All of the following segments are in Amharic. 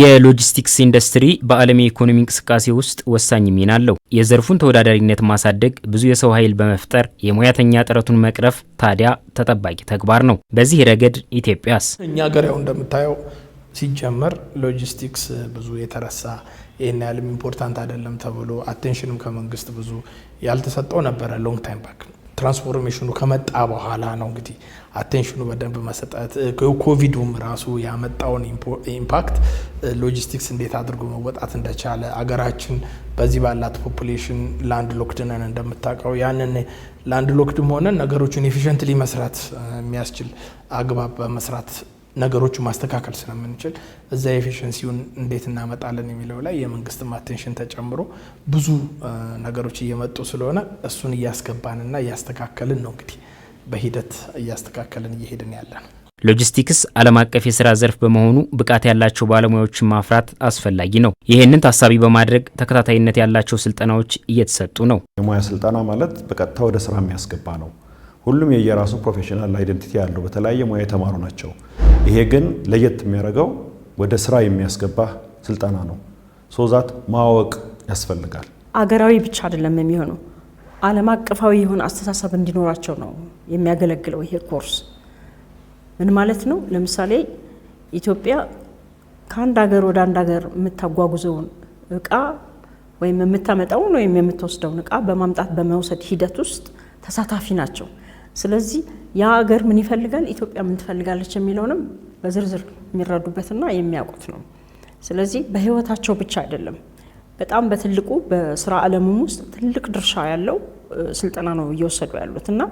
የሎጂስቲክስ ኢንዱስትሪ በዓለም የኢኮኖሚ እንቅስቃሴ ውስጥ ወሳኝ ሚና አለው። የዘርፉን ተወዳዳሪነት ማሳደግ፣ ብዙ የሰው ኃይል በመፍጠር የሙያተኛ ጥረቱን መቅረፍ ታዲያ ተጠባቂ ተግባር ነው። በዚህ ረገድ ኢትዮጵያስ? እኛ ሀገር ያው እንደምታየው ሲጀመር ሎጂስቲክስ ብዙ የተረሳ ይህን ያህልም ኢምፖርታንት አይደለም ተብሎ አቴንሽንም ከመንግስት ብዙ ያልተሰጠው ነበረ ሎንግ ታይም ባክ ትራንስፎርሜሽኑ ከመጣ በኋላ ነው እንግዲህ አቴንሽኑ በደንብ መሰጠት። ኮቪዱም ራሱ ያመጣውን ኢምፓክት ሎጂስቲክስ እንዴት አድርጎ መወጣት እንደቻለ አገራችን በዚህ ባላት ፖፑሌሽን ላንድ ሎክድ ነን እንደምታውቀው፣ ያንን ላንድ ሎክድም ሆነን ነገሮችን ኤፊሽንትሊ መስራት የሚያስችል አግባብ በመስራት ነገሮቹ ማስተካከል ስለምንችል እዛ ኤፊሽንሲውን እንዴት እናመጣለን የሚለው ላይ የመንግስት አቴንሽን ተጨምሮ ብዙ ነገሮች እየመጡ ስለሆነ እሱን እያስገባንና እያስተካከልን ነው እንግዲህ በሂደት እያስተካከልን እየሄድን ያለ ነው። ሎጂስቲክስ ዓለም አቀፍ የስራ ዘርፍ በመሆኑ ብቃት ያላቸው ባለሙያዎችን ማፍራት አስፈላጊ ነው። ይህንን ታሳቢ በማድረግ ተከታታይነት ያላቸው ስልጠናዎች እየተሰጡ ነው። የሙያ ስልጠና ማለት በቀጥታ ወደ ስራ የሚያስገባ ነው። ሁሉም የየራሱ ፕሮፌሽናል አይደንቲቲ ያለው በተለያየ ሙያ የተማሩ ናቸው። ይሄ ግን ለየት የሚያደርገው ወደ ስራ የሚያስገባ ስልጠና ነው። ሶዛት ማወቅ ያስፈልጋል። አገራዊ ብቻ አይደለም የሚሆነው ዓለም አቀፋዊ የሆነ አስተሳሰብ እንዲኖራቸው ነው የሚያገለግለው ይሄ ኮርስ። ምን ማለት ነው? ለምሳሌ ኢትዮጵያ ከአንድ ሀገር ወደ አንድ ሀገር የምታጓጉዘውን እቃ ወይም የምታመጣውን ወይም የምትወስደውን እቃ በማምጣት በመውሰድ ሂደት ውስጥ ተሳታፊ ናቸው። ስለዚህ ያ ሀገር ምን ይፈልጋል፣ ኢትዮጵያ ምን ትፈልጋለች የሚለውንም በዝርዝር የሚረዱበትና የሚያውቁት ነው። ስለዚህ በህይወታቸው ብቻ አይደለም፣ በጣም በትልቁ በስራ ዓለምም ውስጥ ትልቅ ድርሻ ያለው ስልጠና ነው እየወሰዱ ያሉት እና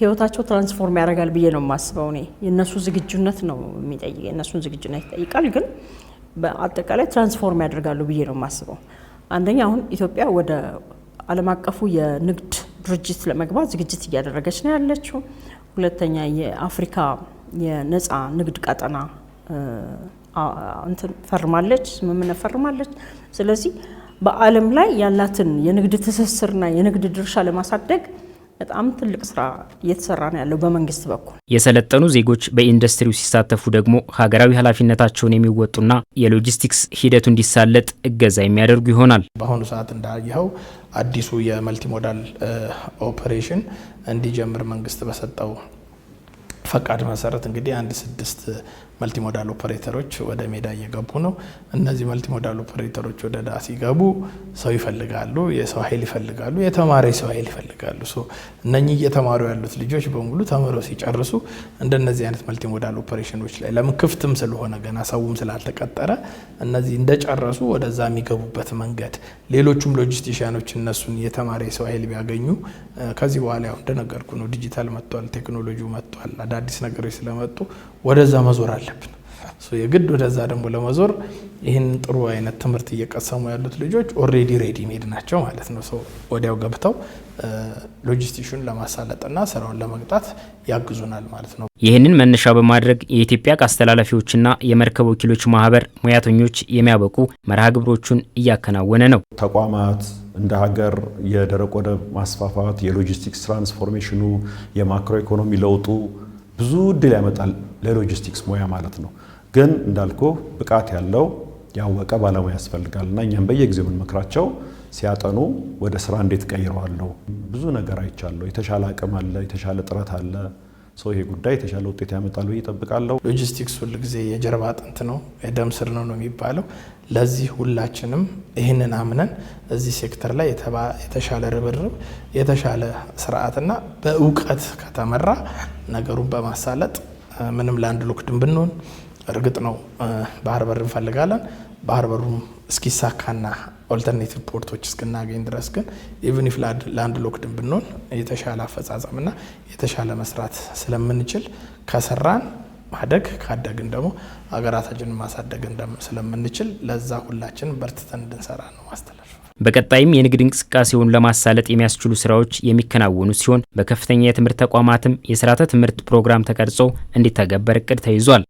ህይወታቸው ትራንስፎርም ያደርጋል ብዬ ነው የማስበው እኔ። የእነሱ ዝግጁነት ነው የሚጠይቅ የእነሱን ዝግጁነት ይጠይቃል፣ ግን በአጠቃላይ ትራንስፎርም ያደርጋሉ ብዬ ነው የማስበው። አንደኛ አሁን ኢትዮጵያ ወደ አለም አቀፉ የንግድ ድርጅት ለመግባት ዝግጅት እያደረገች ነው ያለችው። ሁለተኛ የአፍሪካ የነፃ ንግድ ቀጠና እንትን ፈርማለች፣ ስምምነት ፈርማለች። ስለዚህ በዓለም ላይ ያላትን የንግድ ትስስርና የንግድ ድርሻ ለማሳደግ በጣም ትልቅ ስራ እየተሰራ ነው ያለው በመንግስት በኩል። የሰለጠኑ ዜጎች በኢንዱስትሪው ሲሳተፉ ደግሞ ሀገራዊ ኃላፊነታቸውን የሚወጡና የሎጂስቲክስ ሂደቱ እንዲሳለጥ እገዛ የሚያደርጉ ይሆናል። በአሁኑ ሰዓት እንዳየኸው አዲሱ የመልቲሞዳል ኦፕሬሽን እንዲጀምር መንግስት በሰጠው ፈቃድ መሰረት እንግዲህ አንድ ስድስት መልቲሞዳል ኦፐሬተሮች ወደ ሜዳ እየገቡ ነው። እነዚህ መልቲሞዳል ኦፐሬተሮች ወደ ዳ ሲገቡ ሰው ይፈልጋሉ፣ የሰው ኃይል ይፈልጋሉ፣ የተማረ የሰው ኃይል ይፈልጋሉ። እነኚህ እየተማሩ ያሉት ልጆች በሙሉ ተምረው ሲጨርሱ እንደነዚህ አይነት መልቲሞዳል ኦፐሬሽኖች ላይ ለምን ክፍትም ስለሆነ ገና ሰውም ስላልተቀጠረ እነዚህ እንደጨረሱ ወደዛ የሚገቡበት መንገድ ሌሎቹም ሎጂስቲሽያኖች እነሱን የተማረ የሰው ኃይል ቢያገኙ ከዚህ በኋላ ያው እንደነገርኩ ነው ዲጂታል መጥቷል፣ ቴክኖሎጂ መጥቷል መጥቷል። አዳዲስ ነገሮች ስለመጡ ወደዛ መዞር አለብን። የግድ ወደዛ ደግሞ ለመዞር ይህን ጥሩ አይነት ትምህርት እየቀሰሙ ያሉት ልጆች ኦሬዲ ሬዲ ሜድ ናቸው ማለት ነው። ወዲያው ገብተው ሎጂስቲክሱን uh, ለማሳለጥና ስራውን ለመቅጣት ያግዙናል ማለት ነው። ይህንን መነሻ በማድረግ የኢትዮጵያ ዕቃ አስተላላፊዎችና የመርከብ ወኪሎች ማህበር ሙያተኞች የሚያበቁ መርሃ ግብሮቹን እያከናወነ ነው። ተቋማት እንደ ሀገር የደረቅ ወደብ ማስፋፋት፣ የሎጂስቲክስ ትራንስፎርሜሽኑ፣ የማክሮ ኢኮኖሚ ለውጡ ብዙ እድል ያመጣል ለሎጂስቲክስ ሙያ ማለት ነው። ግን እንዳልኩ ብቃት ያለው ያወቀ ባለሙያ ያስፈልጋል እና እኛም በየጊዜው የምንመክራቸው ሲያጠኑ ወደ ስራ እንዴት ቀይረዋለሁ። ብዙ ነገር አይቻለሁ። የተሻለ አቅም አለ፣ የተሻለ ጥረት አለ ሰው ይሄ ጉዳይ የተሻለ ውጤት ያመጣል ይጠብቃለሁ። ሎጂስቲክስ ሁል ጊዜ የጀርባ አጥንት ነው፣ የደም ስር ነው ነው የሚባለው። ለዚህ ሁላችንም ይህንን አምነን እዚህ ሴክተር ላይ የተሻለ ርብርብ፣ የተሻለ ስርዓትና በእውቀት ከተመራ ነገሩን በማሳለጥ ምንም ለአንድ ሎክድን ብንሆን እርግጥ ነው ባህር በር እንፈልጋለን። ባህር በሩም እስኪሳካና ኦልተርኔቲቭ ፖርቶች እስክናገኝ ድረስ ግን ኢቭን ኢፍ ላንድ ሎክድን ብንሆን የተሻለ አፈጻጸምና የተሻለ መስራት ስለምንችል ከሰራን ማደግ ካደግን ደግሞ ሀገራታችንን ማሳደግ ስለምንችል ለዛ ሁላችን በርትተን እንድንሰራ ነው ማስተላለፍ። በቀጣይም የንግድ እንቅስቃሴውን ለማሳለጥ የሚያስችሉ ስራዎች የሚከናወኑ ሲሆን በከፍተኛ የትምህርት ተቋማትም የስርዓተ ትምህርት ፕሮግራም ተቀርጾ እንዲተገበር እቅድ ተይዟል።